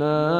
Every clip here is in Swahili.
لا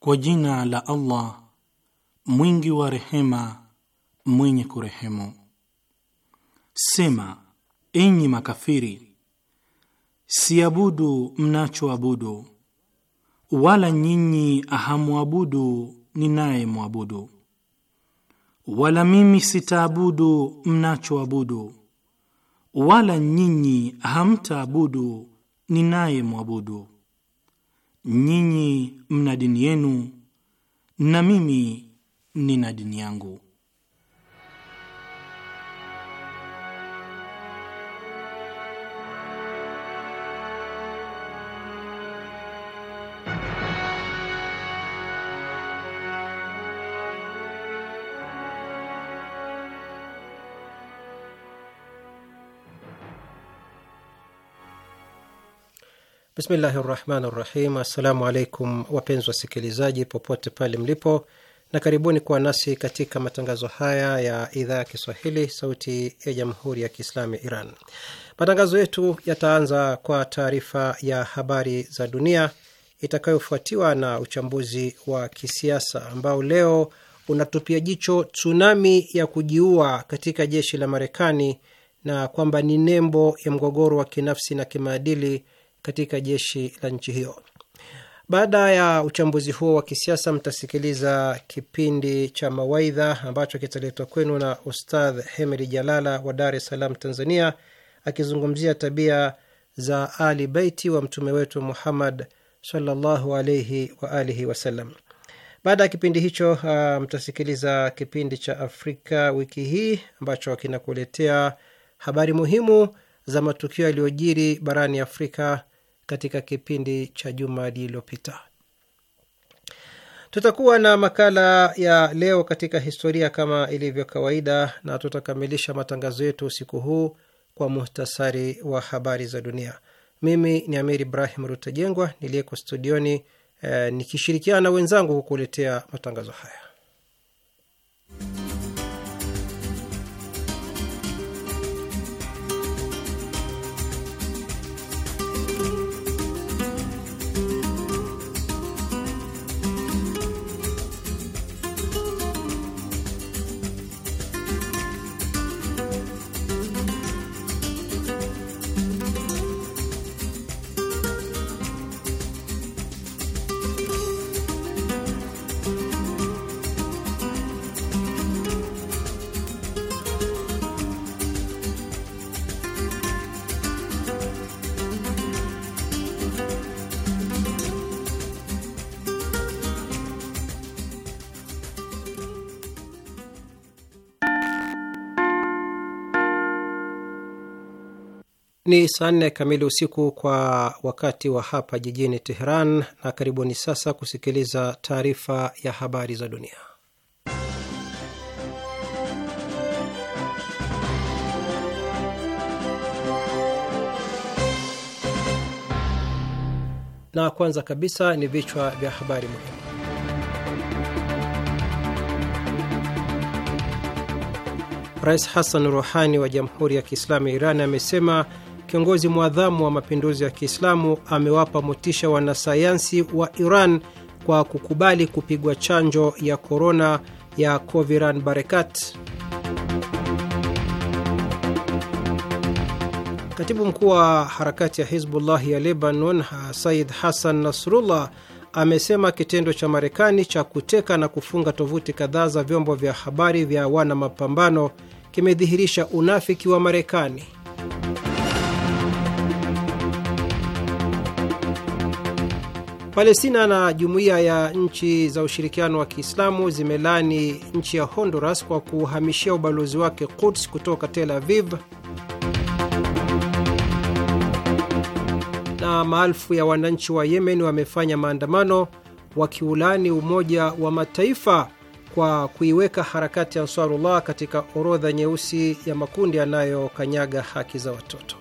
Kwa jina la Allah mwingi wa rehema mwenye kurehemu. Sema, enyi makafiri Siabudu mnachoabudu, wala nyinyi hamwabudu mwabudu wala mimi sitaabudu mnachoabudu, wala nyinyi hamtaabudu ni naye mwabudu Nyinyi mna dini yenu na mimi nina dini yangu. Bismillahi rahmani rahim. Assalamu alaikum wapenzi wasikilizaji popote pale mlipo, na karibuni kuwa nasi katika matangazo haya ya idhaa ya Kiswahili sauti ya jamhuri ya Kiislamu ya Iran. Matangazo yetu yataanza kwa taarifa ya habari za dunia itakayofuatiwa na uchambuzi wa kisiasa ambao leo unatupia jicho tsunami ya kujiua katika jeshi la Marekani na kwamba ni nembo ya mgogoro wa kinafsi na kimaadili katika jeshi la nchi hiyo. Baada ya uchambuzi huo wa kisiasa, mtasikiliza kipindi cha mawaidha ambacho kitaletwa kwenu na Ustadh Hemedi Jalala wa Dar es Salaam, Tanzania, akizungumzia tabia za Ali Beiti wa mtume wetu Muhammad sallallahu alaihi wa alihi wasallam. Baada ya kipindi hicho uh, mtasikiliza kipindi cha Afrika wiki hii ambacho kinakuletea habari muhimu za matukio yaliyojiri barani Afrika katika kipindi cha juma lililopita. Tutakuwa na makala ya leo katika historia kama ilivyo kawaida, na tutakamilisha matangazo yetu usiku huu kwa muhtasari wa habari za dunia. Mimi ni Amir Ibrahim Rutajengwa niliyeko studioni eh, nikishirikiana na wenzangu kukuletea matangazo haya. Ni saa nne kamili usiku kwa wakati wa hapa jijini Teheran, na karibuni sasa kusikiliza taarifa ya habari za dunia. Na kwanza kabisa ni vichwa vya habari muhimu. Rais Hassan Rouhani wa Jamhuri ya Kiislamu ya Iran amesema kiongozi mwadhamu wa mapinduzi ya Kiislamu amewapa motisha wanasayansi wa Iran kwa kukubali kupigwa chanjo ya korona ya Coviran Barekat. Katibu mkuu wa harakati ya Hizbullahi ya Lebanon, Said Hassan Nasrullah amesema kitendo cha Marekani cha kuteka na kufunga tovuti kadhaa za vyombo vya habari vya wana mapambano kimedhihirisha unafiki wa Marekani. Palestina na jumuiya ya nchi za ushirikiano wa Kiislamu zimelani nchi ya Honduras kwa kuhamishia ubalozi wake Quds kutoka Tel Aviv. Na maelfu ya wananchi wa Yemen wamefanya maandamano wakiulani Umoja wa Mataifa kwa kuiweka harakati ya Ansarullah katika orodha nyeusi ya makundi yanayokanyaga haki za watoto.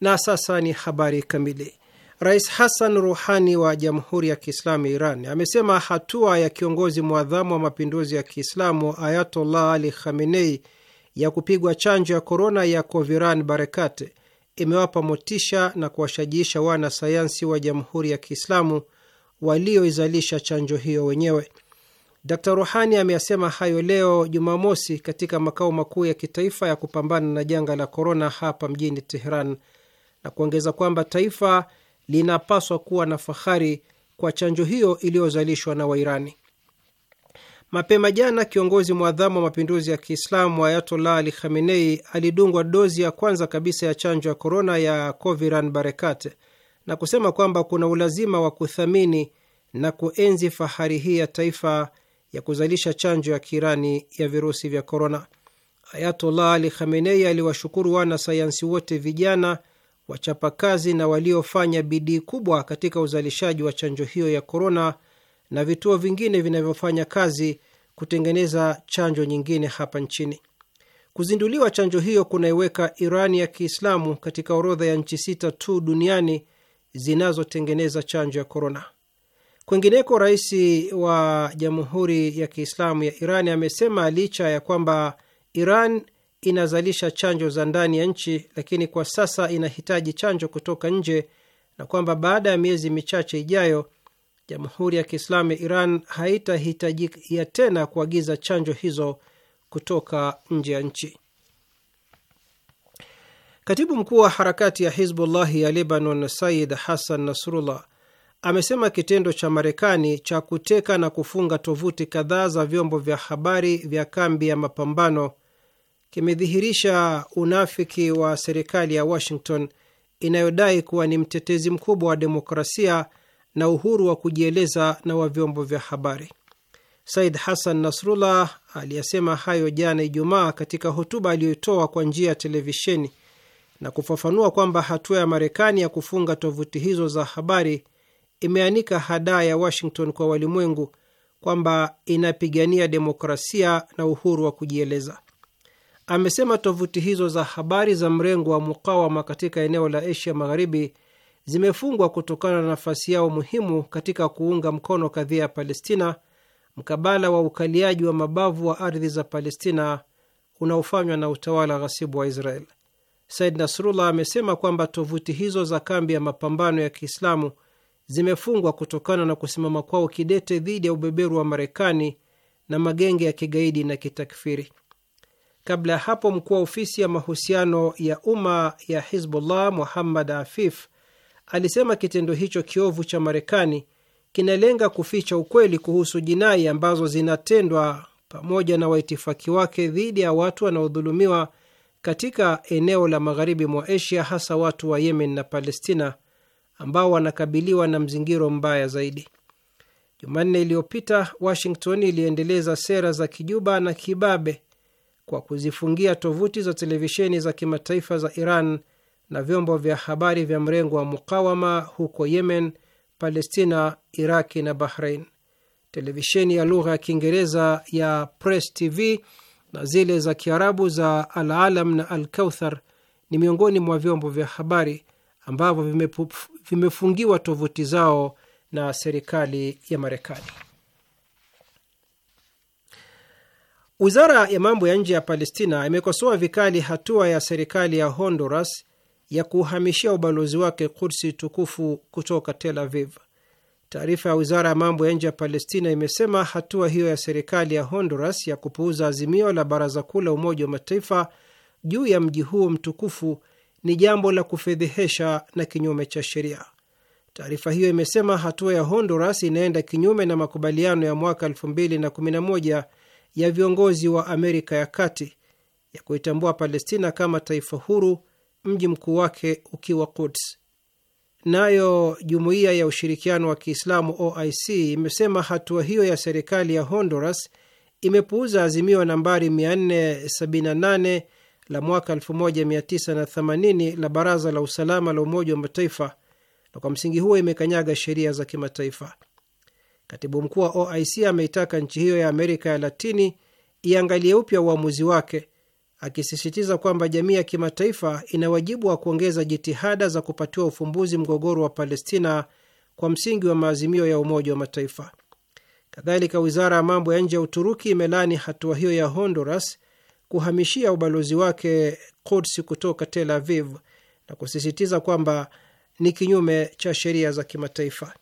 Na sasa ni habari kamili. Rais Hassan Ruhani wa Jamhuri ya Kiislamu ya Iran amesema hatua ya kiongozi mwadhamu wa mapinduzi ya Kiislamu Ayatollah Ali Khamenei ya kupigwa chanjo ya korona ya Coviran Barekate imewapa motisha na kuwashajiisha wanasayansi wa Jamhuri ya Kiislamu walioizalisha chanjo hiyo wenyewe. Dr Ruhani ameyasema hayo leo Jumamosi katika makao makuu ya kitaifa ya kupambana na janga la korona hapa mjini Teheran na kuongeza kwamba taifa linapaswa kuwa na fahari kwa chanjo hiyo iliyozalishwa na Wairani. Mapema jana kiongozi mwadhamu wa mapinduzi ya Kiislamu Ayatollah Ali Khamenei alidungwa dozi ya kwanza kabisa ya chanjo ya korona ya Coviran Barekat na kusema kwamba kuna ulazima wa kuthamini na kuenzi fahari hii ya taifa ya kuzalisha chanjo ya Kiirani ya virusi vya korona. Ayatollah Ali Khamenei aliwashukuru wana sayansi wote vijana wachapakazi na waliofanya bidii kubwa katika uzalishaji wa chanjo hiyo ya korona na vituo vingine vinavyofanya kazi kutengeneza chanjo nyingine hapa nchini. Kuzinduliwa chanjo hiyo kunaiweka Irani ya Kiislamu katika orodha ya nchi sita tu duniani zinazotengeneza chanjo ya korona. Kwingineko, rais wa Jamhuri ya Kiislamu ya Irani amesema licha ya kwamba Iran inazalisha chanjo za ndani ya nchi, lakini kwa sasa inahitaji chanjo kutoka nje, na kwamba baada ya miezi michache ijayo Jamhuri ya Kiislamu ya Iran haitahitajia tena kuagiza chanjo hizo kutoka nje ya nchi. Katibu mkuu wa harakati ya Hizbullahi ya Lebanon, Said Hassan Nasrullah, amesema kitendo cha Marekani cha kuteka na kufunga tovuti kadhaa za vyombo vya habari vya kambi ya mapambano kimedhihirisha unafiki wa serikali ya Washington inayodai kuwa ni mtetezi mkubwa wa demokrasia na uhuru wa kujieleza na wa vyombo vya habari. Said Hassan Nasrullah aliyasema hayo jana Ijumaa katika hotuba aliyoitoa kwa njia ya televisheni na kufafanua kwamba hatua ya Marekani ya kufunga tovuti hizo za habari imeanika hadaa ya Washington kwa walimwengu kwamba inapigania demokrasia na uhuru wa kujieleza amesema tovuti hizo za habari za mrengo wa mukawama katika eneo la Asia Magharibi zimefungwa kutokana na nafasi yao muhimu katika kuunga mkono kadhia ya Palestina mkabala wa ukaliaji wa mabavu wa ardhi za Palestina unaofanywa na utawala ghasibu wa Israel. Said Nasrullah amesema kwamba tovuti hizo za kambi ya mapambano ya Kiislamu zimefungwa kutokana na kusimama kwao kidete dhidi ya ubeberu wa Marekani na magenge ya kigaidi na kitakfiri. Kabla ya hapo, mkuu wa ofisi ya mahusiano ya umma ya Hizbullah Muhammad Afif alisema kitendo hicho kiovu cha Marekani kinalenga kuficha ukweli kuhusu jinai ambazo zinatendwa pamoja na waitifaki wake dhidi ya watu wanaodhulumiwa katika eneo la magharibi mwa Asia, hasa watu wa Yemen na Palestina ambao wanakabiliwa na mzingiro mbaya zaidi. Jumanne iliyopita Washington iliendeleza sera za kijuba na kibabe kwa kuzifungia tovuti za televisheni za kimataifa za Iran na vyombo vya habari vya mrengo wa mukawama huko Yemen, Palestina, Iraki na Bahrain. Televisheni ya lugha ya Kiingereza ya Press TV na zile za Kiarabu za Al Alam na Al Kauthar ni miongoni mwa vyombo vya habari ambavyo vimefungiwa tovuti zao na serikali ya Marekani. Wizara ya mambo ya nje ya Palestina imekosoa vikali hatua ya serikali ya Honduras ya kuhamishia ubalozi wake Kursi tukufu kutoka Tel Aviv. Taarifa ya wizara ya mambo ya nje ya Palestina imesema hatua hiyo ya serikali ya Honduras ya kupuuza azimio la Baraza Kuu la Umoja wa Mataifa juu ya mji huo mtukufu ni jambo la kufedhehesha na kinyume cha sheria. Taarifa hiyo imesema hatua ya Honduras inaenda kinyume na makubaliano ya mwaka 2011 ya viongozi wa Amerika ya Kati ya kuitambua Palestina kama taifa huru, mji mkuu wake ukiwa Quds. Nayo Jumuiya ya Ushirikiano wa Kiislamu OIC imesema hatua hiyo ya serikali ya Honduras imepuuza azimio nambari 478 la mwaka 1980 la Baraza la Usalama la Umoja wa Mataifa, na kwa msingi huo imekanyaga sheria za kimataifa. Katibu mkuu wa OIC ameitaka nchi hiyo ya Amerika ya Latini iangalie upya uamuzi wake, akisisitiza kwamba jamii ya kimataifa ina wajibu wa kuongeza jitihada za kupatiwa ufumbuzi mgogoro wa Palestina kwa msingi wa maazimio ya Umoja wa Mataifa. Kadhalika, wizara ya mambo ya nje ya Uturuki imelani hatua hiyo ya Honduras kuhamishia ubalozi wake Quds kutoka Tel Aviv na kusisitiza kwamba ni kinyume cha sheria za kimataifa.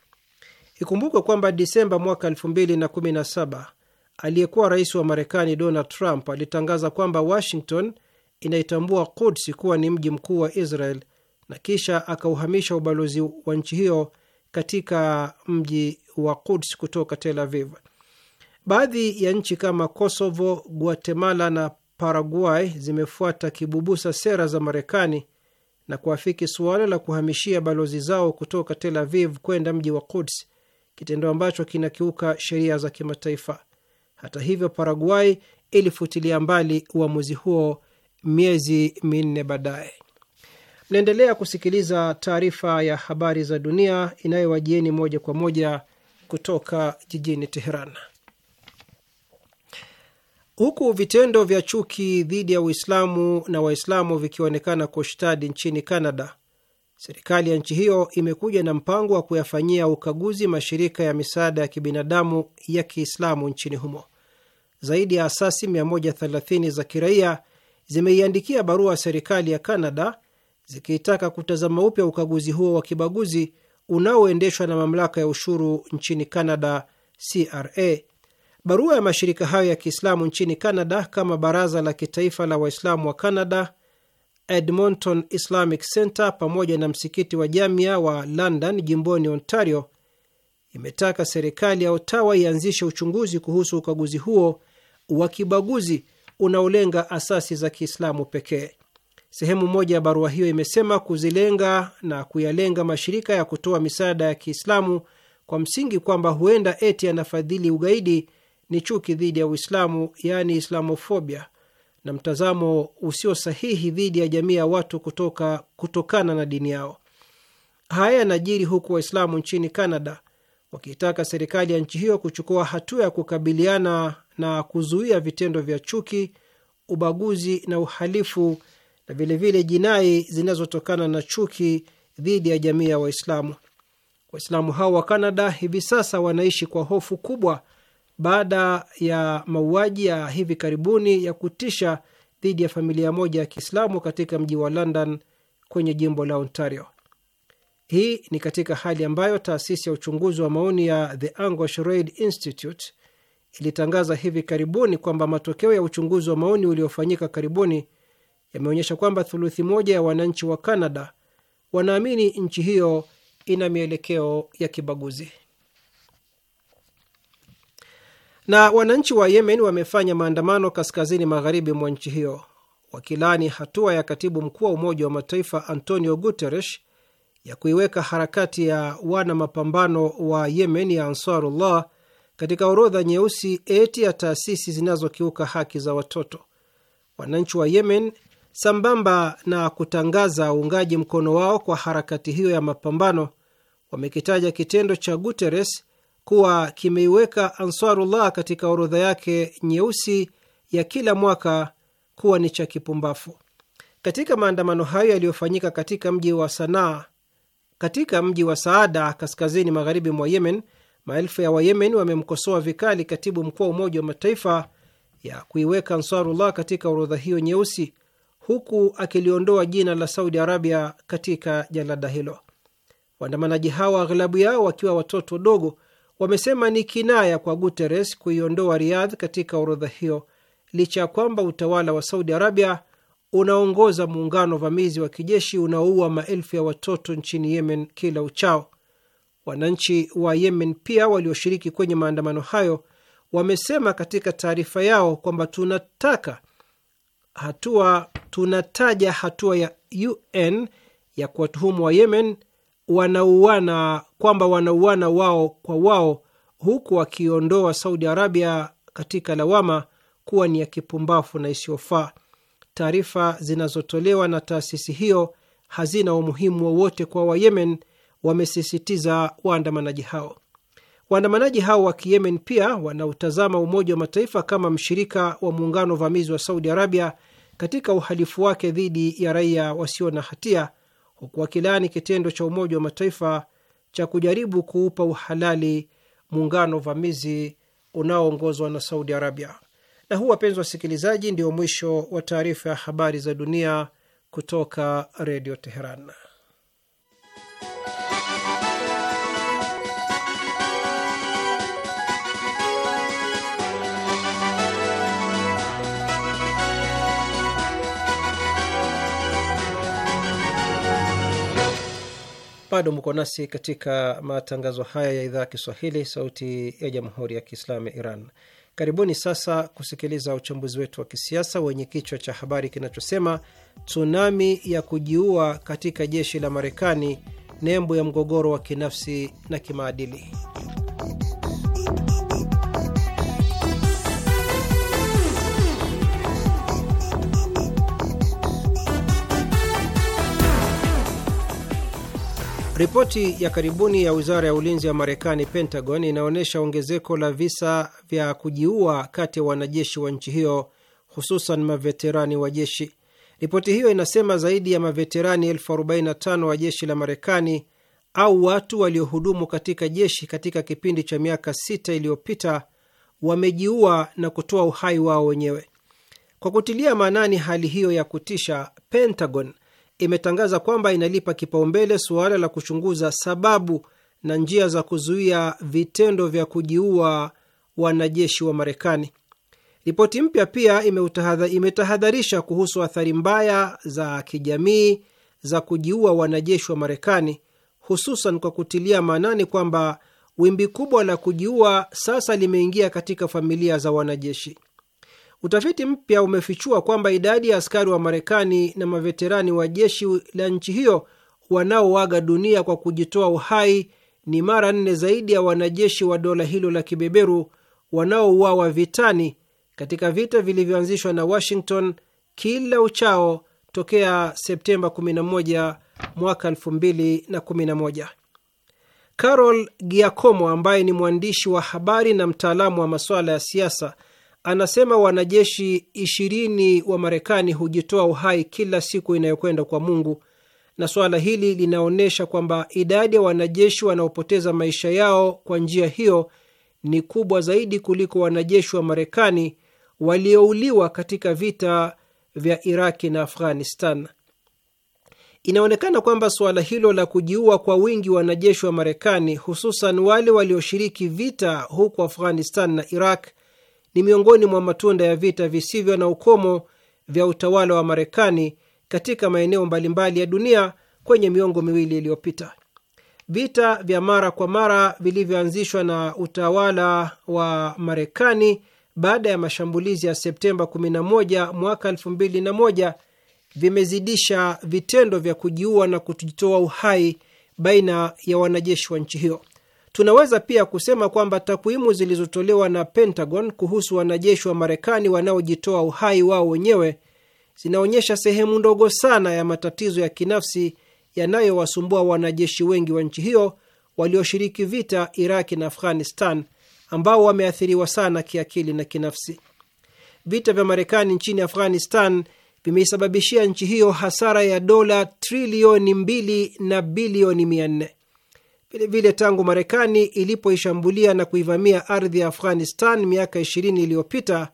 Ikumbukwe kwamba Disemba mwaka 2017 aliyekuwa rais wa Marekani Donald Trump alitangaza kwamba Washington inaitambua Kudsi kuwa ni mji mkuu wa Israel na kisha akauhamisha ubalozi wa nchi hiyo katika mji wa Kuds kutoka Tel Aviv. Baadhi ya nchi kama Kosovo, Guatemala na Paraguay zimefuata kibubusa sera za Marekani na kuafiki suala la kuhamishia balozi zao kutoka Tel Aviv kwenda mji wa Kuds kitendo ambacho kinakiuka sheria za kimataifa. Hata hivyo, Paraguay ilifutilia mbali uamuzi huo miezi minne baadaye. Mnaendelea kusikiliza taarifa ya habari za dunia inayowajieni moja kwa moja kutoka jijini Teheran. Huku vitendo vya chuki dhidi ya Uislamu na Waislamu vikionekana kwa ushtadi nchini Kanada, Serikali ya nchi hiyo imekuja na mpango wa kuyafanyia ukaguzi mashirika ya misaada ya kibinadamu ya Kiislamu nchini humo. Zaidi ya asasi 130 za kiraia zimeiandikia barua serikali ya Kanada zikitaka kutazama upya ukaguzi huo wa kibaguzi unaoendeshwa na mamlaka ya ushuru nchini Kanada, CRA. Barua ya mashirika hayo ya Kiislamu nchini Kanada kama Baraza la Kitaifa la Waislamu wa Kanada Edmonton Islamic Center pamoja na msikiti wa Jamia wa London jimboni Ontario imetaka serikali ya Ottawa ianzishe uchunguzi kuhusu ukaguzi huo wa kibaguzi unaolenga asasi za Kiislamu pekee. Sehemu moja ya barua hiyo imesema kuzilenga na kuyalenga mashirika ya kutoa misaada ya Kiislamu kwa msingi kwamba huenda eti anafadhili ugaidi ni chuki dhidi ya Uislamu, yaani islamofobia, na mtazamo usio sahihi dhidi ya jamii ya watu kutoka, kutokana na dini yao. Haya yanajiri huku Waislamu nchini canada wakiitaka serikali ya nchi hiyo kuchukua hatua ya kukabiliana na kuzuia vitendo vya chuki, ubaguzi na uhalifu na vilevile jinai zinazotokana na chuki dhidi ya jamii ya Waislamu. Waislamu hao wa canada hivi sasa wanaishi kwa hofu kubwa baada ya mauaji ya hivi karibuni ya kutisha dhidi ya familia moja ya Kiislamu katika mji wa London kwenye jimbo la Ontario. Hii ni katika hali ambayo taasisi ya uchunguzi wa maoni ya The Angus Reid Institute ilitangaza hivi karibuni kwamba matokeo ya uchunguzi wa maoni uliofanyika karibuni yameonyesha kwamba thuluthi moja ya wananchi wa canada wanaamini nchi hiyo ina mielekeo ya kibaguzi na wananchi wa Yemen wamefanya maandamano kaskazini magharibi mwa nchi hiyo wakilani hatua ya katibu mkuu wa Umoja wa Mataifa Antonio Guterres ya kuiweka harakati ya wana mapambano wa Yemen ya Ansarullah katika orodha nyeusi eti ya taasisi zinazokiuka haki za watoto. Wananchi wa Yemen, sambamba na kutangaza uungaji mkono wao kwa harakati hiyo ya mapambano, wamekitaja kitendo cha Guterres kuwa kimeiweka Ansarullah katika orodha yake nyeusi ya kila mwaka kuwa ni cha kipumbafu. Katika maandamano hayo yaliyofanyika katika mji wa Sanaa katika mji wa Saada kaskazini magharibi mwa Yemen, maelfu ya Wayemen wamemkosoa vikali katibu mkuu wa Umoja wa Mataifa ya kuiweka Ansarullah katika orodha hiyo nyeusi, huku akiliondoa jina la Saudi Arabia katika jalada hilo. Waandamanaji hawa aghlabu yao wakiwa watoto wadogo wamesema ni kinaya kwa Guterres kuiondoa Riyadh katika orodha hiyo licha ya kwamba utawala wa Saudi Arabia unaongoza muungano vamizi wa kijeshi unaoua maelfu ya watoto nchini Yemen kila uchao. Wananchi wa Yemen pia walioshiriki kwenye maandamano hayo wamesema katika taarifa yao kwamba tunataka hatua, tunataja hatua ya UN ya kuwatuhumu wa Yemen wanauana kwamba wanauana wao kwa wao, huku wakiondoa Saudi Arabia katika lawama kuwa ni ya kipumbafu na isiyofaa. Taarifa zinazotolewa na taasisi hiyo hazina umuhimu wowote kwa Wayemen, wamesisitiza waandamanaji hao. Waandamanaji hao wa Kiyemen pia wanautazama Umoja wa Mataifa kama mshirika wa muungano vamizi wa Saudi Arabia katika uhalifu wake dhidi ya raia wasio na hatia huku wakilaani kitendo cha Umoja wa Mataifa cha kujaribu kuupa uhalali muungano vamizi unaoongozwa na Saudi Arabia. Na huu, wapenzi wasikilizaji, ndio mwisho wa taarifa ya habari za dunia kutoka Redio Teheran. Bado mko nasi katika matangazo haya ya idhaa ya Kiswahili, sauti ya jamhuri ya kiislamu ya Iran. Karibuni sasa kusikiliza uchambuzi wetu wa kisiasa wenye kichwa cha habari kinachosema tsunami ya kujiua katika jeshi la Marekani, nembo ya mgogoro wa kinafsi na kimaadili. Ripoti ya karibuni ya wizara ya ulinzi ya Marekani, Pentagon, inaonyesha ongezeko la visa vya kujiua kati ya wanajeshi wa nchi hiyo, hususan maveterani wa jeshi. Ripoti hiyo inasema zaidi ya maveterani elfu 45 wa jeshi la Marekani au watu waliohudumu katika jeshi katika kipindi cha miaka sita iliyopita wamejiua na kutoa uhai wao wenyewe. Kwa kutilia maanani hali hiyo ya kutisha, Pentagon imetangaza kwamba inalipa kipaumbele suala la kuchunguza sababu na njia za kuzuia vitendo vya kujiua wanajeshi wa Marekani. Ripoti mpya pia imetahadharisha kuhusu athari mbaya za kijamii za kujiua wanajeshi wa Marekani, hususan kwa kutilia maanani kwamba wimbi kubwa la kujiua sasa limeingia katika familia za wanajeshi. Utafiti mpya umefichua kwamba idadi ya askari wa Marekani na maveterani wa jeshi la nchi hiyo wanaoaga dunia kwa kujitoa uhai ni mara nne zaidi ya wanajeshi wa dola hilo la kibeberu wanaouawa vitani katika vita vilivyoanzishwa na Washington kila uchao tokea Septemba 11 mwaka 2011. Carol Giacomo ambaye ni mwandishi wa habari na mtaalamu wa masuala ya siasa anasema wanajeshi ishirini wa Marekani hujitoa uhai kila siku inayokwenda kwa Mungu, na suala hili linaonyesha kwamba idadi ya wanajeshi wanaopoteza maisha yao kwa njia hiyo ni kubwa zaidi kuliko wanajeshi wa Marekani waliouliwa katika vita vya Iraki na Afghanistan. Inaonekana kwamba suala hilo la kujiua kwa wingi wanajeshi wa Marekani, hususan wale walioshiriki vita huko Afghanistan na Iraq ni miongoni mwa matunda ya vita visivyo na ukomo vya utawala wa Marekani katika maeneo mbalimbali ya dunia kwenye miongo miwili iliyopita. Vita vya mara kwa mara vilivyoanzishwa na utawala wa Marekani baada ya mashambulizi ya Septemba 11 mwaka 2001 vimezidisha vitendo vya kujiua na kujitoa uhai baina ya wanajeshi wa nchi hiyo. Tunaweza pia kusema kwamba takwimu zilizotolewa na Pentagon kuhusu wanajeshi wa Marekani wanaojitoa uhai wao wenyewe zinaonyesha sehemu ndogo sana ya matatizo ya kinafsi yanayowasumbua wanajeshi wengi wa nchi hiyo walioshiriki vita Iraki na Afghanistan, ambao wameathiriwa sana kiakili na kinafsi. Vita vya Marekani nchini Afghanistan vimeisababishia nchi hiyo hasara ya dola trilioni mbili na bilioni mia nne. Vilevile, tangu Marekani ilipoishambulia na kuivamia ardhi ya Afghanistan miaka 20 iliyopita,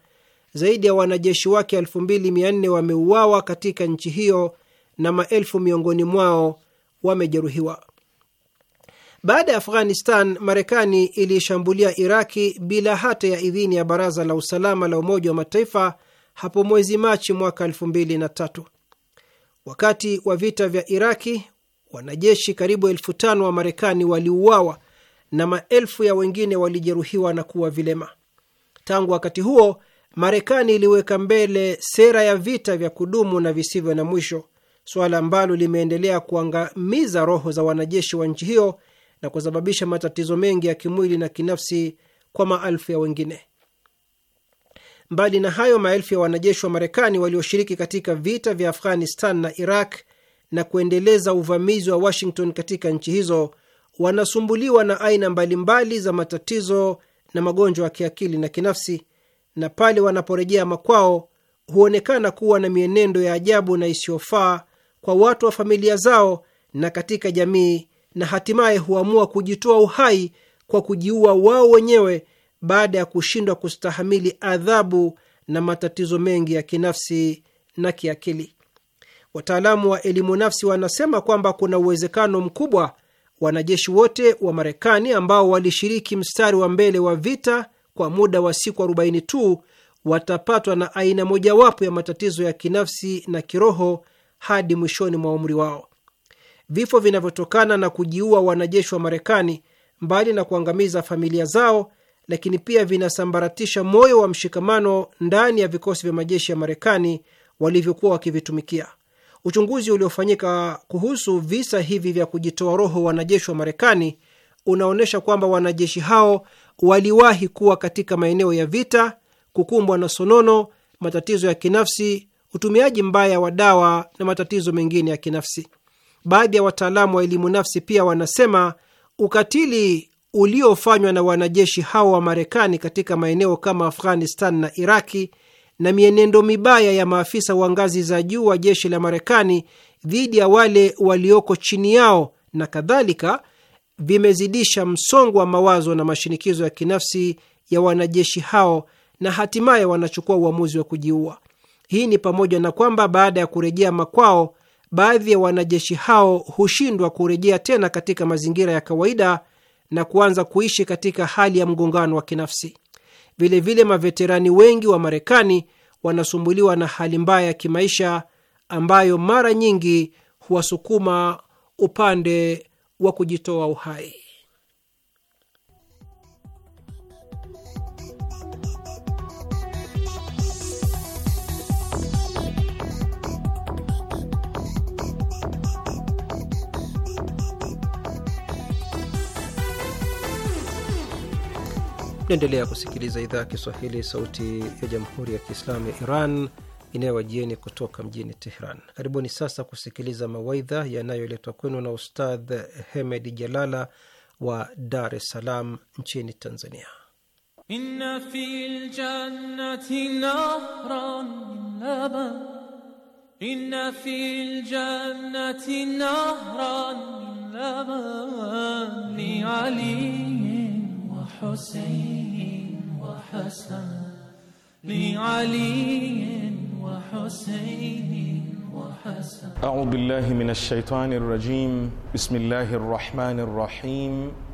zaidi ya wanajeshi wake 2400 wameuawa katika nchi hiyo na maelfu miongoni mwao wamejeruhiwa. Baada ya Afghanistan, Marekani iliishambulia Iraki bila hata ya idhini ya Baraza la Usalama la Umoja wa Mataifa hapo mwezi Machi mwaka 2003. Wakati wa vita vya Iraki, wanajeshi karibu elfu tano wa Marekani waliuawa na maelfu ya wengine walijeruhiwa na kuwa vilema. Tangu wakati huo, Marekani iliweka mbele sera ya vita vya kudumu na visivyo na mwisho, suala ambalo limeendelea kuangamiza roho za wanajeshi wa nchi hiyo na kusababisha matatizo mengi ya kimwili na kinafsi kwa maelfu ya wengine. Mbali na hayo, maelfu ya wanajeshi wa Marekani walioshiriki katika vita vya Afghanistan na Iraq na kuendeleza uvamizi wa Washington katika nchi hizo wanasumbuliwa na aina mbalimbali za matatizo na magonjwa ya kiakili na kinafsi, na pale wanaporejea makwao huonekana kuwa na mienendo ya ajabu na isiyofaa kwa watu wa familia zao na katika jamii, na hatimaye huamua kujitoa uhai kwa kujiua wao wenyewe baada ya kushindwa kustahamili adhabu na matatizo mengi ya kinafsi na kiakili. Wataalamu wa elimu nafsi wanasema kwamba kuna uwezekano mkubwa wanajeshi wote wa Marekani ambao walishiriki mstari wa mbele wa vita kwa muda wa siku 40 tu watapatwa na aina mojawapo ya matatizo ya kinafsi na kiroho hadi mwishoni mwa umri wao. Vifo vinavyotokana na kujiua wanajeshi wa Marekani, mbali na kuangamiza familia zao, lakini pia vinasambaratisha moyo wa mshikamano ndani ya vikosi vya majeshi ya Marekani walivyokuwa wakivitumikia. Uchunguzi uliofanyika kuhusu visa hivi vya kujitoa roho wanajeshi wa Marekani unaonyesha kwamba wanajeshi hao waliwahi kuwa katika maeneo ya vita, kukumbwa na sonono, matatizo ya kinafsi, utumiaji mbaya wa dawa na matatizo mengine ya kinafsi. Baadhi ya wataalamu wa elimu nafsi pia wanasema ukatili uliofanywa na wanajeshi hao wa Marekani katika maeneo kama Afghanistan na Iraki na mienendo mibaya ya maafisa wa ngazi za juu wa jeshi la Marekani dhidi ya wale walioko chini yao na kadhalika, vimezidisha msongo wa mawazo na mashinikizo ya kinafsi ya wanajeshi hao na hatimaye wanachukua uamuzi wa kujiua. Hii ni pamoja na kwamba baada ya kurejea makwao, baadhi ya wanajeshi hao hushindwa kurejea tena katika mazingira ya kawaida na kuanza kuishi katika hali ya mgongano wa kinafsi. Vilevile vile maveterani wengi wa Marekani wanasumbuliwa na hali mbaya ya kimaisha ambayo mara nyingi huwasukuma upande wa kujitoa uhai. Naendelea kusikiliza idhaa ya Kiswahili, sauti ya jamhuri ya kiislamu ya Iran inayowajieni kutoka mjini Tehran. Karibuni sasa kusikiliza mawaidha yanayoletwa kwenu na Ustadh hemed Jalala wa Dar es Salaam nchini Tanzania. inna fil jannati nahran min laban, inna fil jannati nahran min laban li حسين وحسن لعلي وحسين وحسن أعوذ بالله من الشيطان الرجيم بسم الله الرحمن الرحيم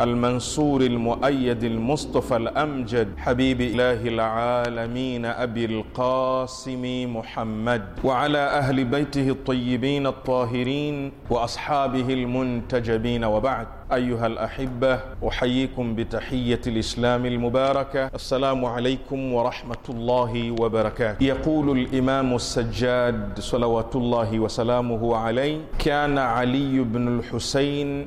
المنصور المؤيد المصطفى الامجد حبيب اله العالمين ابي القاسم محمد وعلى اهل بيته الطيبين الطاهرين واصحابه المنتجبين وبعد ايها الاحبه احييكم بتحيه الاسلام المباركه السلام عليكم ورحمه الله وبركاته يقول الامام السجاد صلوات الله وسلامه عليه كان علي بن الحسين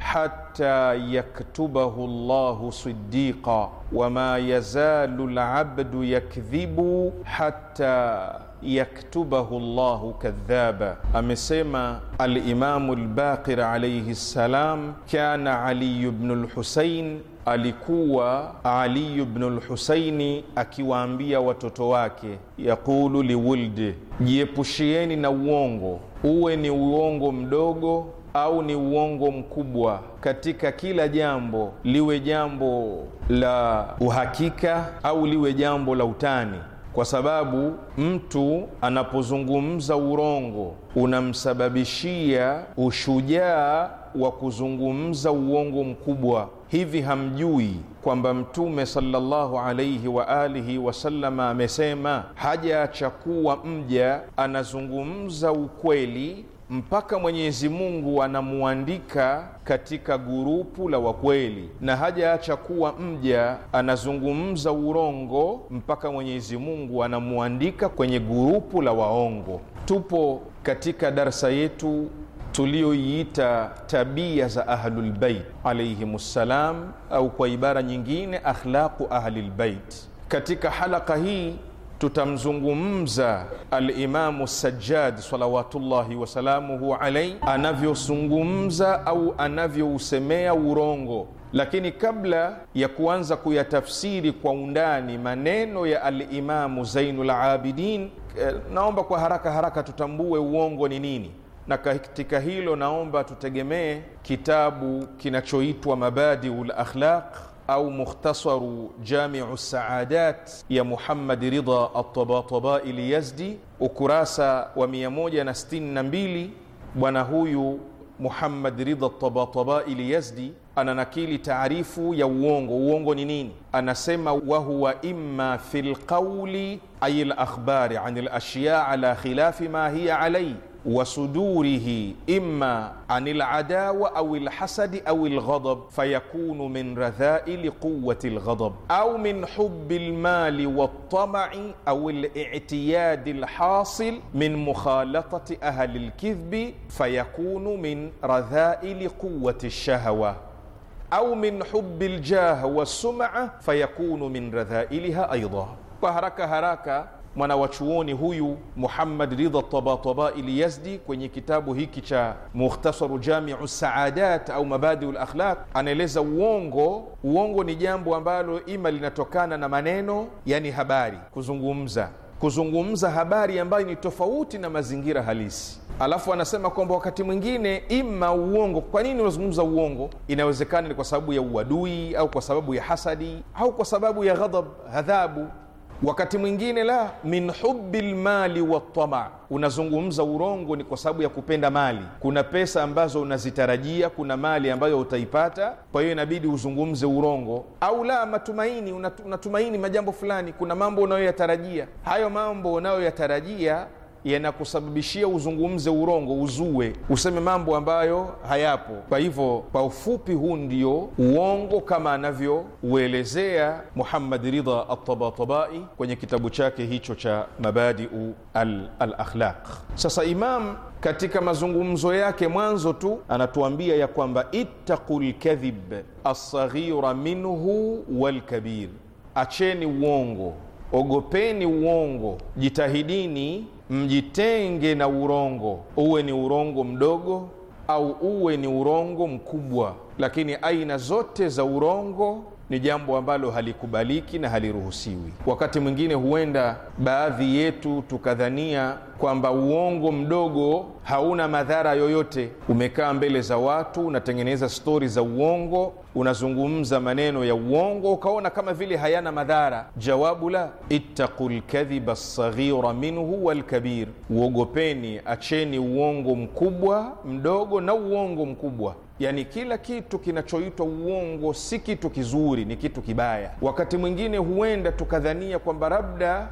hata yaktubahu llahu sidiqa wama yazalu labdu yakdhibu hata yaktubahu llahu kadhaba. Amesema Alimamu Lbaqir alaihi ssalam, kana Aliyu bnu Lhusain, alikuwa Aliyu bnu Lhusaini akiwaambia watoto wake, yaqulu liwuldi, jiepushieni na uongo, uwe ni uongo mdogo au ni uongo mkubwa katika kila jambo, liwe jambo la uhakika au liwe jambo la utani, kwa sababu mtu anapozungumza urongo unamsababishia ushujaa wa kuzungumza uongo mkubwa. Hivi hamjui kwamba Mtume sallallahu alaihi wa alihi wasallama amesema, hajaacha kuwa mja anazungumza ukweli mpaka Mwenyezi Mungu anamuandika katika gurupu la wakweli, na hajaacha kuwa mja anazungumza urongo mpaka Mwenyezi Mungu anamuandika kwenye gurupu la waongo. Tupo katika darsa yetu tuliyoiita tabia za Ahlulbeit alaihim ssalam, au kwa ibara nyingine akhlaqu Ahlilbeit. Katika halaka hii tutamzungumza Alimamu Sajjad salawatullahi wasalamuhu alaihi anavyozungumza au anavyousemea urongo lakini kabla ya kuanza kuyatafsiri kwa undani maneno ya Alimamu Zainul Abidin, eh, naomba kwa haraka haraka tutambue uongo ni nini, na katika hilo naomba tutegemee kitabu kinachoitwa Mabadiul Akhlaq au mukhtasaru Jamiu Saadat ya Muhammad Ridha Atabatabai Lyazdi, ukurasa wa 162. Bwana huyu Muhammad Ridha Tabatabai Lyazdi ananakili taarifu ya uongo. Uongo ni nini? Anasema wahuwa imma fi lqauli ay lakhbari an lashyaa ala khilafi ma hiya alaihi وصدوره إما عن العداوة أو الحسد أو الغضب فيكون من رذائل قوة الغضب أو من حب المال والطمع أو الاعتياد الحاصل من مخالطة أهل الكذب فيكون من رذائل قوة الشهوة أو من حب الجاه والسمعة فيكون من رذائلها أيضا kwa haraka mwanawachuoni huyu Muhammad Ridha Tabatabai Yazdi kwenye kitabu hiki cha Mukhtasaru Jamiu Saadat au Mabadiu Lakhlaq anaeleza uongo. Uongo ni jambo ambalo ima linatokana na maneno, yani habari, kuzungumza kuzungumza habari ambayo ni tofauti na mazingira halisi. Alafu anasema kwamba wakati mwingine ima uongo. Kwa nini unazungumza uongo? Inawezekana ni kwa sababu ya uadui au kwa sababu ya hasadi au kwa sababu ya ghadhab, adhabu Wakati mwingine la min hubi lmali watama, unazungumza urongo ni kwa sababu ya kupenda mali. Kuna pesa ambazo unazitarajia, kuna mali ambayo utaipata, kwa hiyo inabidi uzungumze urongo. Au la matumaini, unatumaini majambo fulani, kuna mambo unayoyatarajia. Hayo mambo unayoyatarajia yanakusababishia uzungumze urongo, uzue, useme mambo ambayo hayapo. Kwa hivyo, kwa ufupi, huu ndio uongo kama anavyouelezea Muhammad Ridha Altabatabai kwenye kitabu chake hicho cha Mabadiu Alakhlaq. Sasa Imam katika mazungumzo yake mwanzo tu anatuambia ya kwamba ittaqu lkadhib alsaghira minhu walkabir, acheni uongo ogopeni uongo, jitahidini mjitenge na urongo, uwe ni urongo mdogo au uwe ni urongo mkubwa, lakini aina zote za urongo ni jambo ambalo halikubaliki na haliruhusiwi. Wakati mwingine huenda baadhi yetu tukadhania kwamba uongo mdogo hauna madhara yoyote. Umekaa mbele za watu, unatengeneza stori za uongo, unazungumza maneno ya uongo, ukaona kama vile hayana madhara. Jawabu la ittaqu lkadhiba lsaghira minhu walkabir, uogopeni, acheni uongo mkubwa, mdogo na uongo mkubwa Yaani kila kitu kinachoitwa uongo si kitu kizuri, ni kitu kibaya. Wakati mwingine huenda tukadhania kwamba labda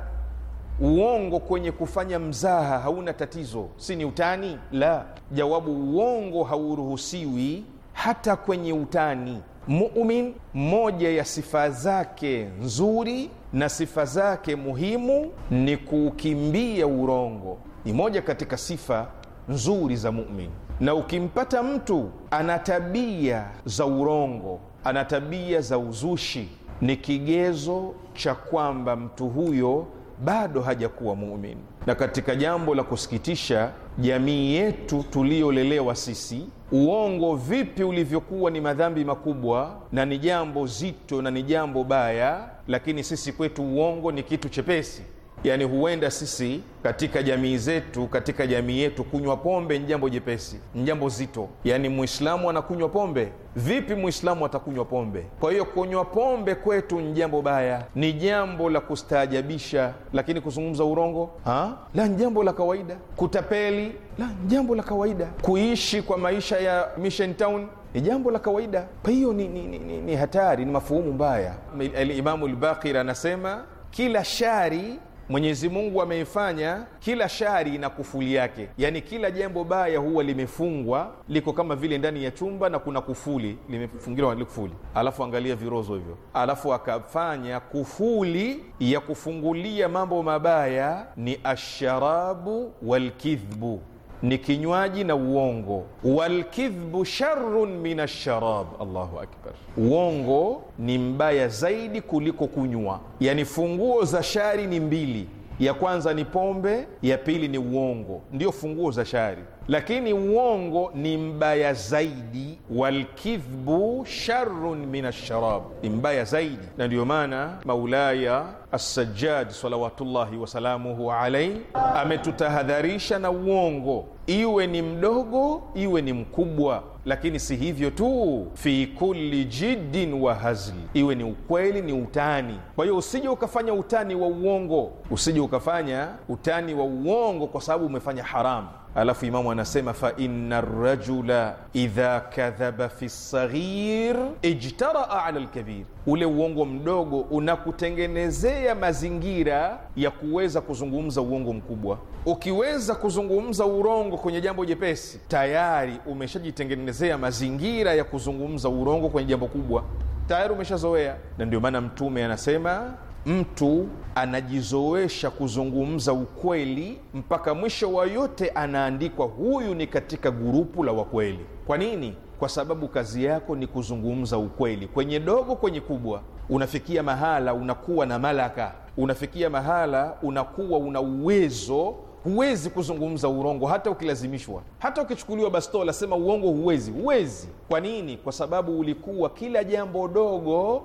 uongo kwenye kufanya mzaha hauna tatizo, si ni utani? La, jawabu, uongo hauruhusiwi hata kwenye utani. Mumin, moja ya sifa zake nzuri na sifa zake muhimu ni kuukimbia urongo, ni moja katika sifa nzuri za mumin na ukimpata mtu ana tabia za urongo, ana tabia za uzushi, ni kigezo cha kwamba mtu huyo bado hajakuwa muumini. Na katika jambo la kusikitisha, jamii yetu tuliyolelewa sisi, uongo vipi ulivyokuwa ni madhambi makubwa na ni jambo zito na ni jambo baya, lakini sisi kwetu uongo ni kitu chepesi yani huenda sisi katika jamii zetu katika jamii yetu kunywa pombe ni jambo jepesi ni jambo zito yani mwislamu anakunywa pombe vipi mwislamu atakunywa pombe kwa hiyo kunywa pombe kwetu ni jambo baya ni jambo la kustaajabisha lakini kuzungumza urongo ha? la ni jambo la kawaida kutapeli la ni jambo la kawaida kuishi kwa maisha ya mission town ni jambo la kawaida kwa hiyo ni, ni, ni, ni, ni hatari ni mafuhumu mbaya alimamu lbakir anasema kila shari Mwenyezi Mungu ameifanya kila shari na kufuli yake, yaani kila jambo baya huwa limefungwa, liko kama vile ndani ya chumba na kuna kufuli limefungiwa na kufuli, alafu angalia virozo hivyo, alafu akafanya kufuli ya kufungulia mambo mabaya ni asharabu walkidhbu ni kinywaji na uongo. Walkidhbu sharun min alsharab, Allahu akbar. Uongo ni mbaya zaidi kuliko kunywa. Yani funguo za shari ni mbili, ya kwanza ni pombe, ya pili ni uongo, ndiyo funguo za shari lakini uongo ni mbaya zaidi, walkidhbu sharun min alsharab, ni mbaya zaidi. Na ndiyo maana Maulaya Assajjad salawatullahi wasalamuhu alaihi ametutahadharisha na uongo, iwe ni mdogo iwe ni mkubwa. Lakini si hivyo tu, fi kulli jiddin wa hazli, iwe ni ukweli ni utani. Kwa hiyo usije ukafanya utani wa uongo, usije ukafanya utani wa uongo kwa sababu umefanya haramu alafu imamu anasema fa inna rajula idha kadhaba fi lsaghir ijtaraa ala lkabir, ule uongo mdogo unakutengenezea mazingira ya kuweza kuzungumza uongo mkubwa. Ukiweza kuzungumza urongo kwenye jambo jepesi, tayari umeshajitengenezea mazingira ya kuzungumza urongo kwenye jambo kubwa, tayari umeshazoea. Na ndio maana Mtume anasema mtu anajizoesha kuzungumza ukweli, mpaka mwisho wa yote anaandikwa huyu ni katika gurupu la wakweli. Kwa nini? Kwa sababu kazi yako ni kuzungumza ukweli, kwenye dogo, kwenye kubwa. Unafikia mahala unakuwa na malaka, unafikia mahala unakuwa una uwezo huwezi kuzungumza urongo, hata ukilazimishwa, hata ukichukuliwa bastola, sema uongo, huwezi, huwezi. Kwa nini? Kwa sababu ulikuwa kila jambo dogo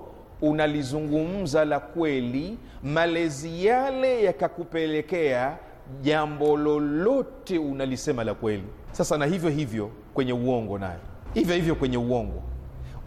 unalizungumza la kweli, malezi yale yakakupelekea jambo lolote unalisema la kweli. Sasa na hivyo hivyo kwenye uongo, naye hivyo hivyo kwenye uongo,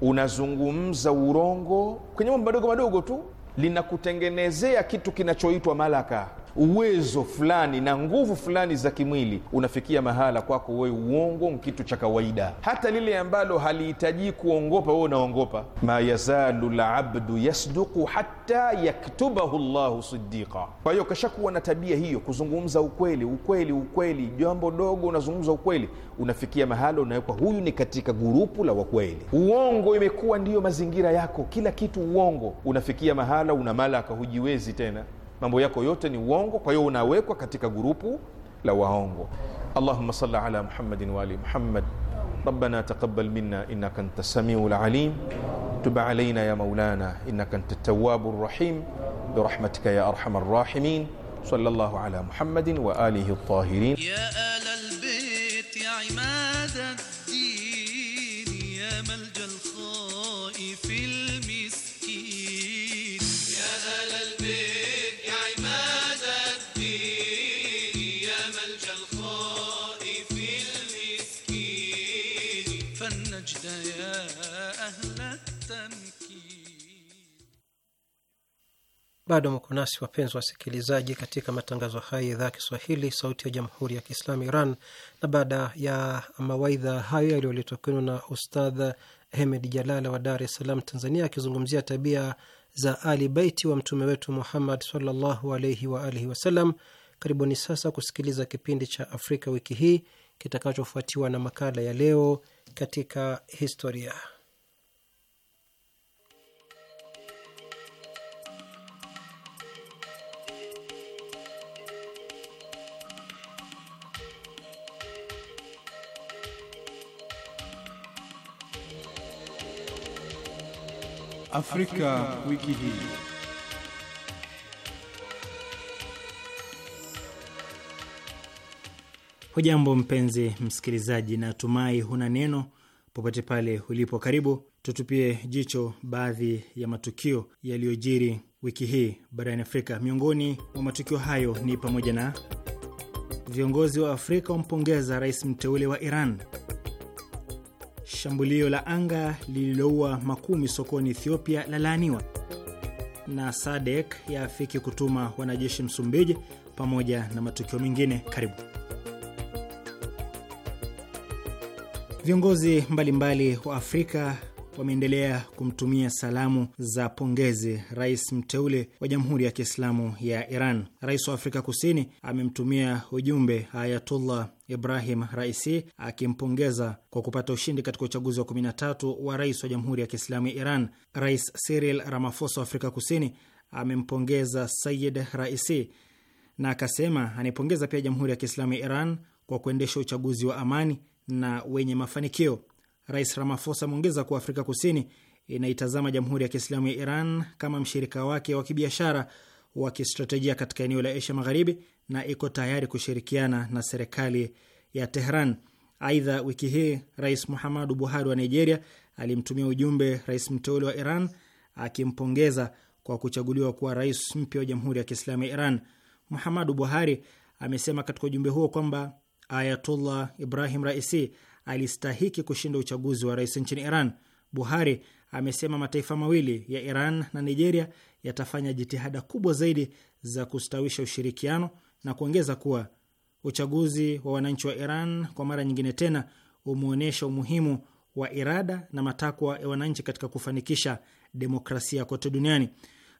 unazungumza urongo kwenye mambo madogo madogo tu, linakutengenezea kitu kinachoitwa malaka uwezo fulani na nguvu fulani za kimwili, unafikia mahala kwako wewe uongo ni kitu cha kawaida, hata lile ambalo halihitajii kuongopa wewe unaongopa. ma yazalu labdu yasduqu hata yaktubahu llahu sidiqa. Kwa hiyo ukishakuwa na tabia hiyo, kuzungumza ukweli, ukweli, ukweli, jambo dogo unazungumza ukweli, unafikia mahala unawekwa, huyu ni katika gurupu la wakweli. Uongo imekuwa ndiyo mazingira yako, kila kitu uongo. Unafikia mahala una malaka, hujiwezi tena mambo yako yote ni uongo kwa hiyo unawekwa katika gurupu la waongo allahuma sali ala muhammadin waali muhammad ربنا تقبل منا انك انت السميع العليم تب علينا يا مولانا انك انت التواب الرحيم برحمتك يا ارحم الراحمين صلى الله على محمد واله الطاهرين يا ال البيت يا عماد الدين Bado mko nasi wapenzi wasikilizaji, katika matangazo haya ya idhaa ya Kiswahili, sauti ya jamhuri ya kiislamu Iran. Na baada ya mawaidha hayo yaliyoletwa kwenu na Ustadh Hemed Jalala wa Dar es Salaam, Tanzania, akizungumzia tabia za Ali Baiti wa mtume wetu Muhammad sallallahu alaihi wa alihi wasallam. Karibuni sasa kusikiliza kipindi cha Afrika wiki hii kitakachofuatiwa na makala ya leo katika historia. Afrika wiki hii. Hujambo mpenzi msikilizaji, na tumai huna neno popote pale ulipo. Karibu tutupie jicho baadhi ya matukio yaliyojiri wiki hii barani Afrika. Miongoni mwa matukio hayo ni pamoja na viongozi wa Afrika wampongeza rais mteule wa Iran Shambulio la anga lililoua makumi sokoni Ethiopia lalaaniwa, na Sadek yaafiki kutuma wanajeshi Msumbiji, pamoja na matukio mengine. Karibu. Viongozi mbalimbali wa Afrika wameendelea kumtumia salamu za pongezi rais mteule wa Jamhuri ya Kiislamu ya Iran. Rais wa Afrika Kusini amemtumia ujumbe Ayatullah Ibrahim Raisi akimpongeza kwa kupata ushindi katika uchaguzi wa 13 wa rais wa Jamhuri ya Kiislamu ya Iran. Rais Cyril Ramaphosa wa Afrika Kusini amempongeza Sayid Raisi na akasema anaipongeza pia Jamhuri ya Kiislamu ya Iran kwa kuendesha uchaguzi wa amani na wenye mafanikio. Rais Ramaphosa ameongeza kuwa Afrika Kusini inaitazama Jamhuri ya Kiislamu ya Iran kama mshirika wake wa kibiashara wa kistratejia katika eneo la Asia Magharibi na iko tayari kushirikiana na serikali ya Tehran. Aidha, wiki hii Rais Muhammadu Buhari wa Nigeria alimtumia ujumbe rais mteule wa Iran akimpongeza kwa kuchaguliwa kuwa rais mpya wa Jamhuri ya Kiislamu ya Iran. Muhammadu Buhari amesema katika ujumbe huo kwamba Ayatullah Ibrahim Raisi alistahiki kushinda uchaguzi wa rais nchini Iran. Buhari amesema mataifa mawili ya Iran na Nigeria yatafanya jitihada kubwa zaidi za kustawisha ushirikiano na kuongeza kuwa uchaguzi wa wananchi wa Iran kwa mara nyingine tena umeonyesha umuhimu wa irada na matakwa ya wananchi katika kufanikisha demokrasia kote duniani.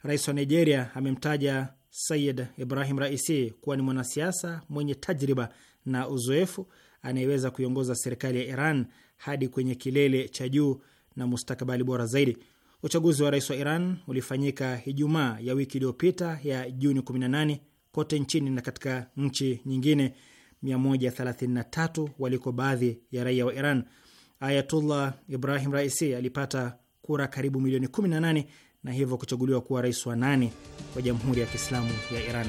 Rais wa Nigeria amemtaja Sayid Ibrahim Raisi kuwa ni mwanasiasa mwenye tajriba na uzoefu anayeweza kuiongoza serikali ya Iran hadi kwenye kilele cha juu na mustakabali bora zaidi. Uchaguzi wa rais wa Iran ulifanyika Ijumaa ya wiki iliyopita ya Juni 18 kote nchini na katika nchi nyingine 133 waliko baadhi ya raia wa Iran. Ayatullah Ibrahim Raisi alipata kura karibu milioni 18 na hivyo kuchaguliwa kuwa rais wa nane wa Jamhuri ya Kiislamu ya Iran.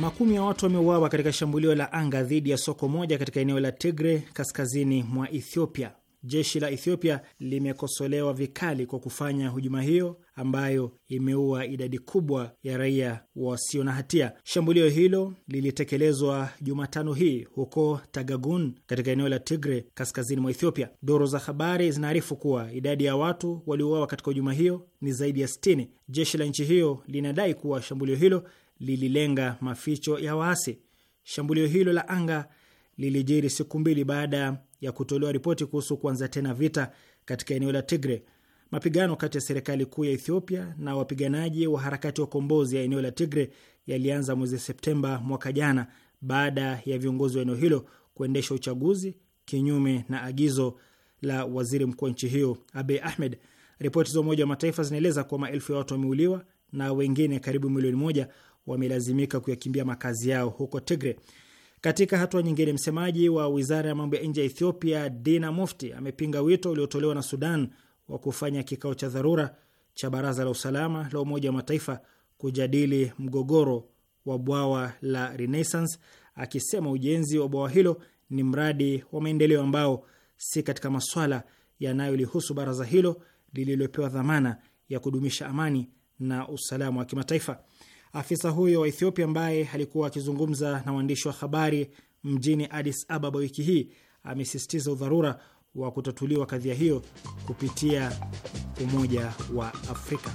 Makumi ya watu wameuawa katika shambulio la anga dhidi ya soko moja katika eneo la Tigre kaskazini mwa Ethiopia. Jeshi la Ethiopia limekosolewa vikali kwa kufanya hujuma hiyo ambayo imeua idadi kubwa ya raia wasio na hatia. Shambulio hilo lilitekelezwa Jumatano hii huko Tagagun katika eneo la Tigre kaskazini mwa Ethiopia. Doro za habari zinaarifu kuwa idadi ya watu waliouawa katika hujuma hiyo ni zaidi ya 60. Jeshi la nchi hiyo linadai kuwa shambulio hilo lililenga maficho ya waasi. Shambulio hilo la anga lilijiri siku mbili baada ya kutolewa ripoti kuhusu kuanza tena vita katika eneo la Tigre. Mapigano kati ya serikali kuu ya Ethiopia na wapiganaji wa harakati ya ukombozi ya eneo la Tigre yalianza mwezi Septemba mwaka jana baada ya viongozi wa eneo hilo kuendesha uchaguzi kinyume na agizo la waziri mkuu wa nchi hiyo Abiy Ahmed. Ripoti za Umoja wa Mataifa zinaeleza kuwa maelfu ya watu wameuliwa na wengine karibu milioni moja wamelazimika kuyakimbia makazi yao huko Tigre. Katika hatua nyingine, msemaji wa wizara ya mambo ya nje ya Ethiopia Dina Mufti amepinga wito uliotolewa na Sudan wa kufanya kikao cha dharura cha Baraza la Usalama la Umoja wa Mataifa kujadili mgogoro wa bwawa la Renaissance, akisema ujenzi wa bwawa hilo ni mradi wa maendeleo ambao si katika maswala yanayolihusu baraza hilo lililopewa dhamana ya kudumisha amani na usalama wa kimataifa. Afisa huyo wa Ethiopia ambaye alikuwa akizungumza na waandishi wa habari mjini Addis Ababa wiki hii amesisitiza udharura wa kutatuliwa kadhia hiyo kupitia Umoja wa Afrika.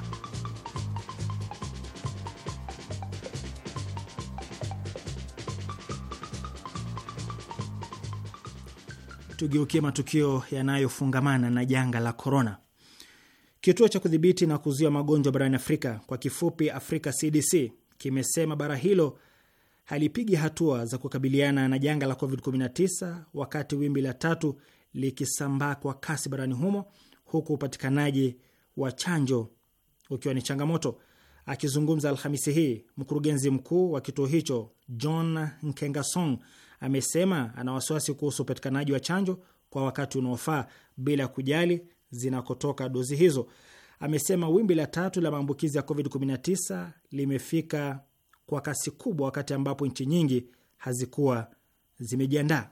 Tugeukie matukio yanayofungamana na janga la korona. Kituo cha kudhibiti na kuzuia magonjwa barani Afrika, kwa kifupi Afrika CDC, kimesema bara hilo halipigi hatua za kukabiliana na janga la COVID-19 wakati wimbi la tatu likisambaa kwa kasi barani humo, huku upatikanaji wa chanjo ukiwa ni changamoto. Akizungumza Alhamisi hii, mkurugenzi mkuu wa kituo hicho John Nkengasong amesema ana wasiwasi kuhusu upatikanaji wa chanjo kwa wakati unaofaa bila kujali zinakotoka dozi hizo. Amesema wimbi la tatu la maambukizi ya COVID-19 limefika kwa kasi kubwa wakati ambapo nchi nyingi hazikuwa zimejiandaa.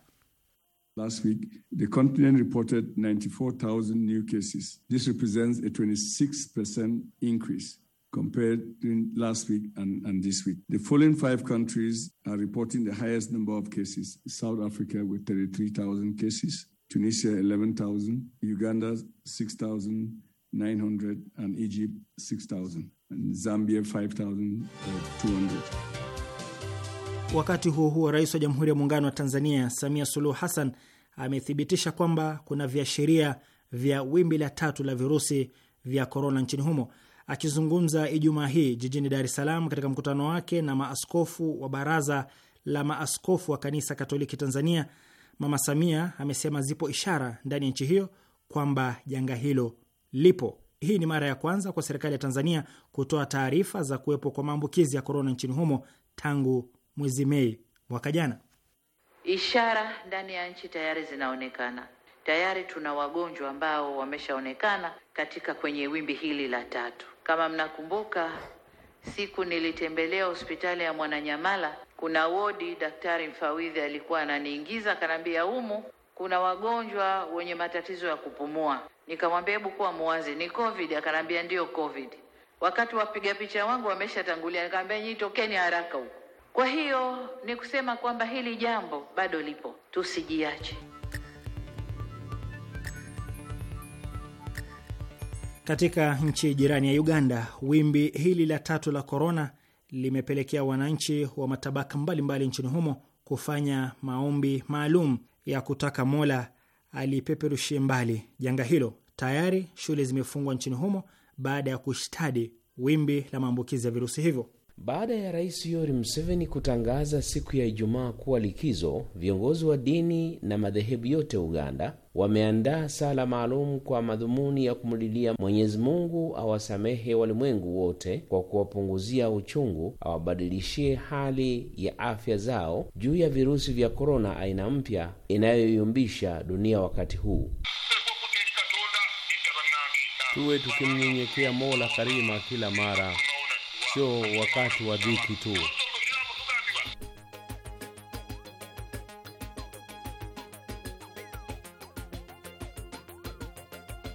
Last week, the continent reported 94,000 new cases. This represents a 26% increase compared to last week and, and this week. The following five countries are reporting the highest number of cases. South Africa with 33,000 cases. Tunisia 11,000, Uganda 6,900, and Egypt 6,000, and Zambia 5,200. Uh, Wakati huo huo, Rais wa Jamhuri ya Muungano wa Tanzania Samia Suluhu Hassan amethibitisha kwamba kuna viashiria vya wimbi la tatu la virusi vya korona nchini humo. Akizungumza Ijumaa hii jijini Dar es Salaam katika mkutano wake na maaskofu wa Baraza la Maaskofu wa Kanisa Katoliki Tanzania, Mama Samia amesema zipo ishara ndani ya nchi hiyo kwamba janga hilo lipo. Hii ni mara ya kwanza kwa serikali ya Tanzania kutoa taarifa za kuwepo kwa maambukizi ya korona nchini humo tangu mwezi Mei mwaka jana. Ishara ndani ya nchi tayari zinaonekana, tayari tuna wagonjwa ambao wameshaonekana katika kwenye wimbi hili la tatu. Kama mnakumbuka, siku nilitembelea hospitali ya Mwananyamala kuna wodi, daktari mfawidhi alikuwa ananiingiza akaniambia, humu kuna wagonjwa wenye matatizo ya kupumua. Nikamwambia, hebu kuwa muwazi, ni COVID? Akanambia ndio COVID. Wakati wapiga picha wangu wameshatangulia, nikamwambia nyinyi tokeni haraka huko. Kwa hiyo ni kusema kwamba hili jambo bado lipo, tusijiache. Katika nchi jirani ya Uganda, wimbi hili la tatu la korona limepelekea wananchi wa matabaka mbalimbali mbali nchini humo kufanya maombi maalum ya kutaka Mola alipeperushie mbali janga hilo. Tayari shule zimefungwa nchini humo baada ya kushtadi wimbi la maambukizi ya virusi hivyo. Baada ya Rais Yoweri Museveni kutangaza siku ya Ijumaa kuwa likizo, viongozi wa dini na madhehebu yote Uganda wameandaa sala maalum kwa madhumuni ya kumlilia Mwenyezi Mungu awasamehe walimwengu wote kwa kuwapunguzia uchungu, awabadilishie hali ya afya zao juu ya virusi vya korona aina mpya inayoyumbisha dunia wakati huu. Tuwe tukimnyenyekea Mola Karima kila mara sio wakati wa dhiki tu.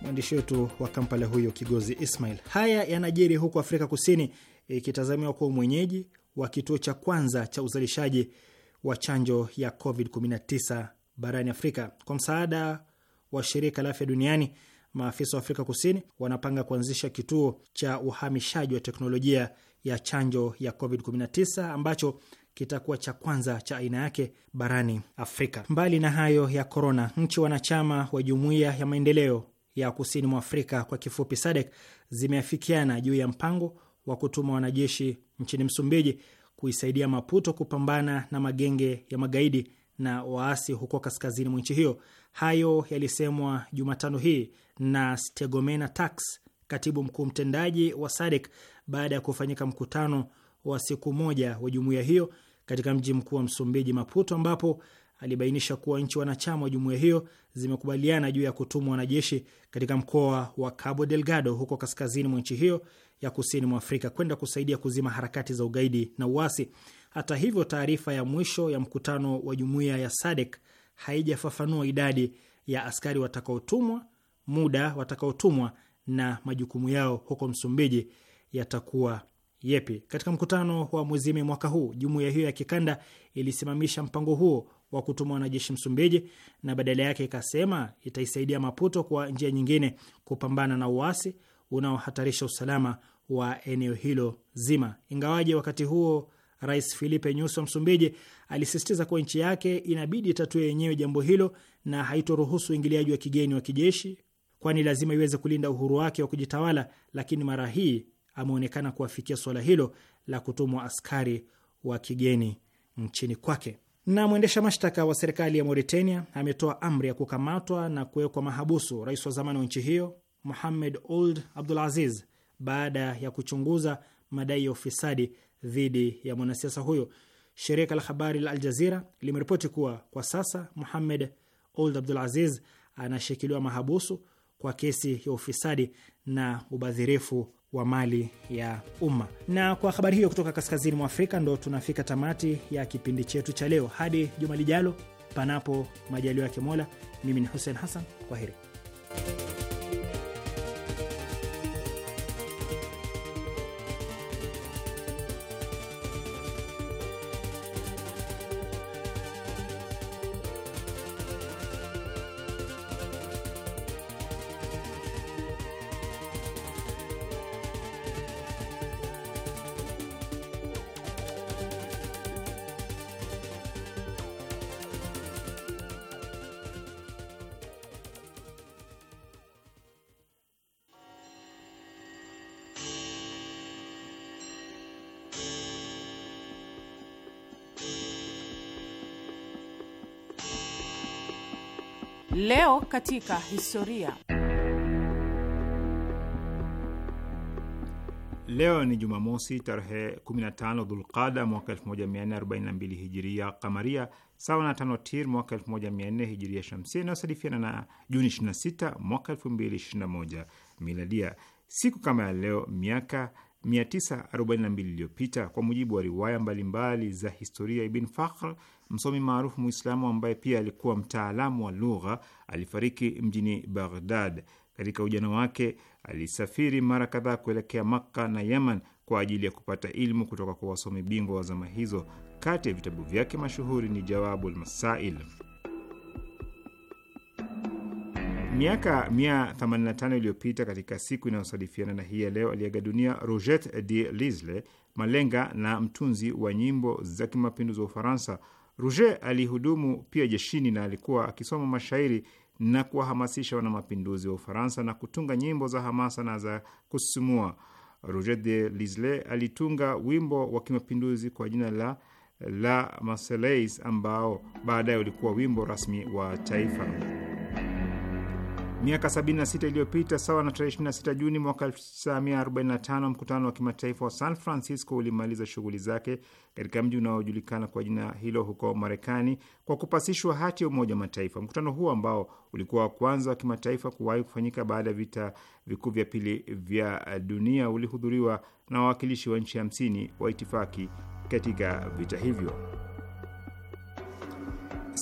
Mwandishi wetu wa Kampala huyo Kigozi Ismail. Haya yanajiri huku Afrika Kusini ikitazamiwa kuwa mwenyeji wa kituo cha kwanza cha uzalishaji wa chanjo ya COVID-19 barani Afrika kwa msaada wa shirika la afya duniani. Maafisa wa Afrika Kusini wanapanga kuanzisha kituo cha uhamishaji wa teknolojia ya chanjo ya COVID-19 ambacho kitakuwa cha kwanza cha aina yake barani Afrika. Mbali na hayo ya korona, nchi wanachama wa Jumuiya ya Maendeleo ya Kusini mwa Afrika kwa kifupi SADC zimeafikiana juu ya mpango wa kutuma wanajeshi nchini Msumbiji kuisaidia Maputo kupambana na magenge ya magaidi na waasi huko kaskazini mwa nchi hiyo. Hayo yalisemwa Jumatano hii na Stegomena Tax, katibu mkuu mtendaji wa SADC baada ya kufanyika mkutano wa siku moja wa jumuiya hiyo katika mji mkuu wa Msumbiji, Maputo, ambapo alibainisha kuwa nchi wanachama wa jumuiya hiyo zimekubaliana juu ya kutumwa wanajeshi katika mkoa wa Cabo Delgado huko kaskazini mwa nchi hiyo ya kusini mwa Afrika kwenda kusaidia kuzima harakati za ugaidi na uasi. Hata hivyo, taarifa ya mwisho ya mkutano wa jumuiya ya SADC haijafafanua idadi ya askari watakaotumwa, muda watakaotumwa na majukumu yao huko Msumbiji yatakuwa yepi. Katika mkutano wa mwezi Mei mwaka huu, jumuiya hiyo ya kikanda ilisimamisha mpango huo wa kutuma wanajeshi Msumbiji na badala yake ikasema itaisaidia Maputo kwa njia nyingine kupambana na uasi unaohatarisha usalama wa eneo hilo zima. Ingawaje wakati huo Rais Filipe Nyusi wa Msumbiji alisisitiza kuwa nchi yake inabidi itatue yenyewe jambo hilo na haitoruhusu uingiliaji wa kigeni wa kijeshi, kwani lazima iweze kulinda uhuru wake wa kujitawala, lakini mara hii ameonekana kuwafikia suala hilo la kutumwa askari wa kigeni nchini kwake. Na mwendesha mashtaka wa serikali ya Mauritania ametoa amri ya kukamatwa na kuwekwa mahabusu rais wa zamani wa nchi hiyo Muhamed Ould Abdul Aziz baada ya kuchunguza madai ya ufisadi dhidi ya mwanasiasa huyo. Shirika la habari la Al Jazira limeripoti kuwa kwa sasa Muhamed Ould Abdul Aziz anashikiliwa mahabusu kwa kesi ya ufisadi na ubadhirifu wa mali ya umma. Na kwa habari hiyo kutoka kaskazini mwa Afrika, ndo tunafika tamati ya kipindi chetu cha leo. Hadi juma lijalo, panapo majalio yake Mola, mimi ni Hussein Hassan, kwa heri. Leo katika historia. Leo ni Jumamosi tarehe 15 Dhulqada mwaka 1442 hijiria kamaria, sawa na tano Tir mwaka 1400 hijiria shamsia, inayosadifiana na Juni 26 mwaka 2021 miladia. Siku kama ya leo miaka 942 iliyopita, kwa mujibu wa riwaya mbalimbali mbali za historia, Ibn Fakhr msomi maarufu Mwislamu ambaye pia alikuwa mtaalamu wa lugha, alifariki mjini Baghdad. Katika ujana wake alisafiri mara kadhaa kuelekea Makka na Yaman kwa ajili ya kupata ilmu kutoka kwa wasomi bingwa wa zama hizo. Kati ya vitabu vyake mashuhuri ni jawabu lmasail Miaka 185 iliyopita katika siku inayosadifiana na hii ya leo, aliaga dunia Roget de Lisle, malenga na mtunzi wa nyimbo za kimapinduzi wa Ufaransa. Ruge alihudumu pia jeshini na alikuwa akisoma mashairi na kuwahamasisha wanamapinduzi wa Ufaransa na kutunga nyimbo za hamasa na za kusisimua. Roger de Lisle alitunga wimbo wa kimapinduzi kwa jina la La Marseillaise ambao baadaye ulikuwa wimbo rasmi wa taifa. Miaka 76 iliyopita sawa na tarehe 26 Juni mwaka 1945 mkutano wa kimataifa wa San Francisco ulimaliza shughuli zake katika mji unaojulikana kwa jina hilo huko Marekani kwa kupasishwa hati ya Umoja wa Mataifa. Mkutano huo ambao ulikuwa wa kwanza wa kimataifa kuwahi kufanyika baada ya vita vikuu vya pili vya dunia ulihudhuriwa na wawakilishi wa nchi 50 wa itifaki katika vita hivyo.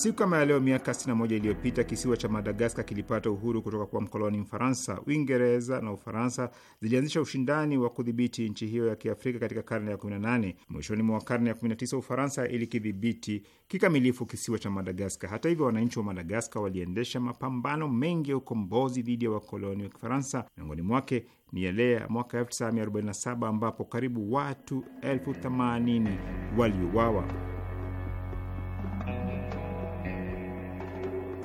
Siku kama ya leo miaka 61 iliyopita kisiwa cha Madagaskar kilipata uhuru kutoka kwa mkoloni Mfaransa. Uingereza na Ufaransa zilianzisha ushindani wa kudhibiti nchi hiyo ya Kiafrika katika karne ya 18. Mwishoni mwa karne ya 19, Ufaransa ilikidhibiti kikamilifu kisiwa cha Madagaskar. Hata hivyo, wananchi wa Madagaskar waliendesha mapambano mengi ya ukombozi dhidi ya wakoloni wa Kifaransa. Miongoni mwake ni yale ya mwaka 1947 ambapo karibu watu elfu 80 waliuawa.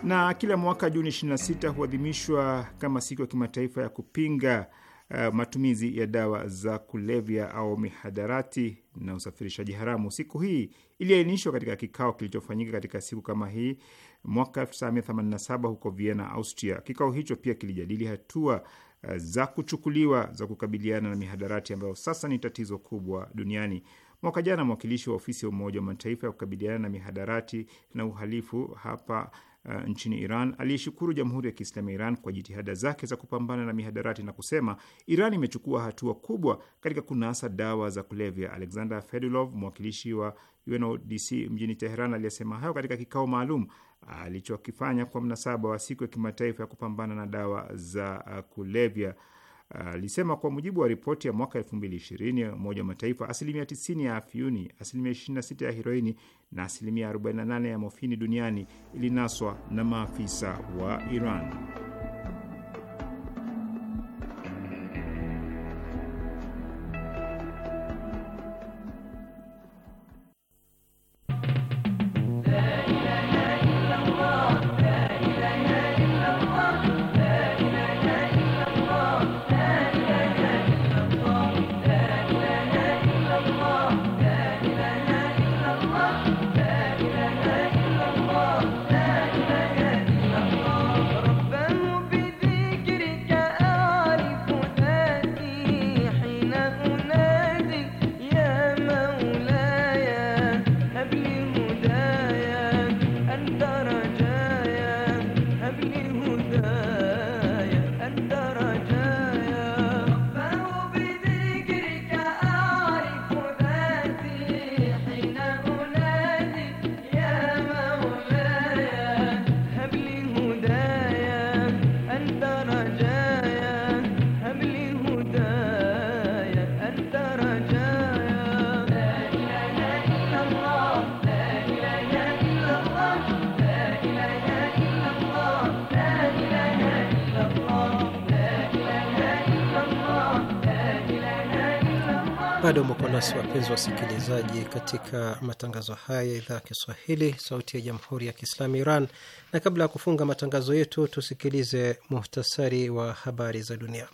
na kila mwaka Juni 26 huadhimishwa kama siku ya kimataifa ya kupinga uh, matumizi ya dawa za kulevya au mihadarati na usafirishaji haramu. Siku hii iliainishwa katika kikao kilichofanyika katika siku kama hii mwaka 1987 huko Vienna, Austria. Kikao hicho pia kilijadili hatua uh, za kuchukuliwa za kukabiliana na mihadarati ambayo sasa ni tatizo kubwa duniani. Mwaka jana mwakilishi wa ofisi ya Umoja wa Mataifa ya kukabiliana na mihadarati na uhalifu hapa uh, nchini Iran aliyeshukuru Jamhuri ya Kiislamu ya Iran kwa jitihada zake za kupambana na mihadarati na kusema Iran imechukua hatua kubwa katika kunasa dawa za kulevya. Alexander Fedulov, mwakilishi wa UNODC mjini Teheran, aliyesema hayo katika kikao maalum alichokifanya kwa mnasaba wa siku ya kimataifa ya kupambana na dawa za uh, kulevya Uh, alisema uh, kwa mujibu wa ripoti ya mwaka elfu mbili ishirini ya Umoja wa Mataifa, asilimia tisini ya afyuni, asilimia ishirini na sita ya heroini na asilimia arobaini na nane ya mofini duniani ilinaswa na maafisa wa Iran. Bado mko nasi wapenzi wasikilizaji, katika matangazo haya ya idhaa ya Kiswahili, sauti ya jamhuri ya kiislamu Iran. Na kabla ya kufunga matangazo yetu, tusikilize muhtasari wa habari za dunia.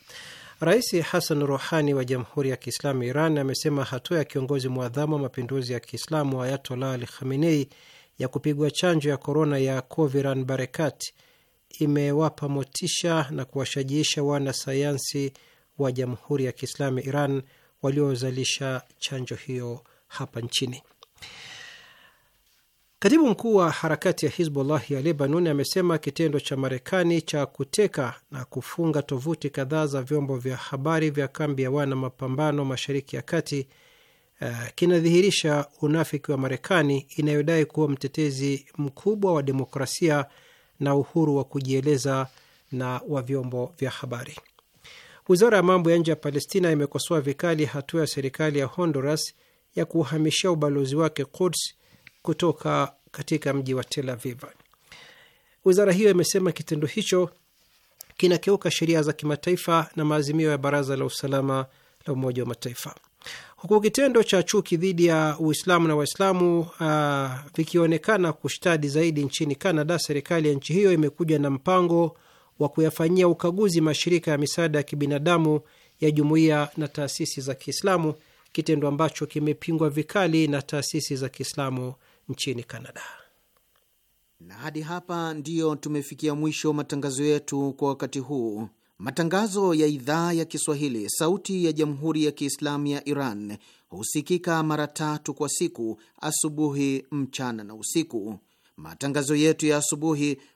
Rais Hassan Rouhani wa Jamhuri ya Kiislamu Iran amesema hatua ya kiongozi mwadhamu wa mapinduzi ya Kiislamu Ayatollah Al Khamenei ya kupigwa chanjo ya korona ya Coviran Barekat imewapa motisha na kuwashajiisha wanasayansi wa Jamhuri ya Kiislamu Iran waliozalisha chanjo hiyo hapa nchini. Katibu mkuu wa harakati ya Hizbullah ya Lebanon amesema kitendo cha Marekani cha kuteka na kufunga tovuti kadhaa za vyombo vya habari vya kambi ya wana mapambano mashariki ya kati uh, kinadhihirisha unafiki wa Marekani inayodai kuwa mtetezi mkubwa wa demokrasia na uhuru wa kujieleza na wa vyombo vya habari. Wizara ya mambo ya nje ya Palestina imekosoa vikali hatua ya serikali ya Honduras ya kuhamishia ubalozi wake Quds kutoka katika mji wa Tel Aviv. Wizara hiyo imesema kitendo hicho kinakeuka sheria za kimataifa na maazimio ya Baraza la Usalama la Umoja wa Mataifa, huku kitendo cha chuki dhidi ya Uislamu na Waislamu ah, vikionekana kushtadi zaidi nchini canada Serikali ya nchi hiyo imekuja na mpango wa kuyafanyia ukaguzi mashirika ya misaada ya kibinadamu ya jumuiya na taasisi za Kiislamu, kitendo ambacho kimepingwa vikali na taasisi za Kiislamu nchini Kanada. Na hadi hapa ndiyo tumefikia mwisho matangazo yetu kwa wakati huu. Matangazo ya idhaa ya Kiswahili, sauti ya jamhuri ya Kiislamu ya Iran husikika mara tatu kwa siku: asubuhi, mchana na usiku. Matangazo yetu ya asubuhi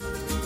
Bye.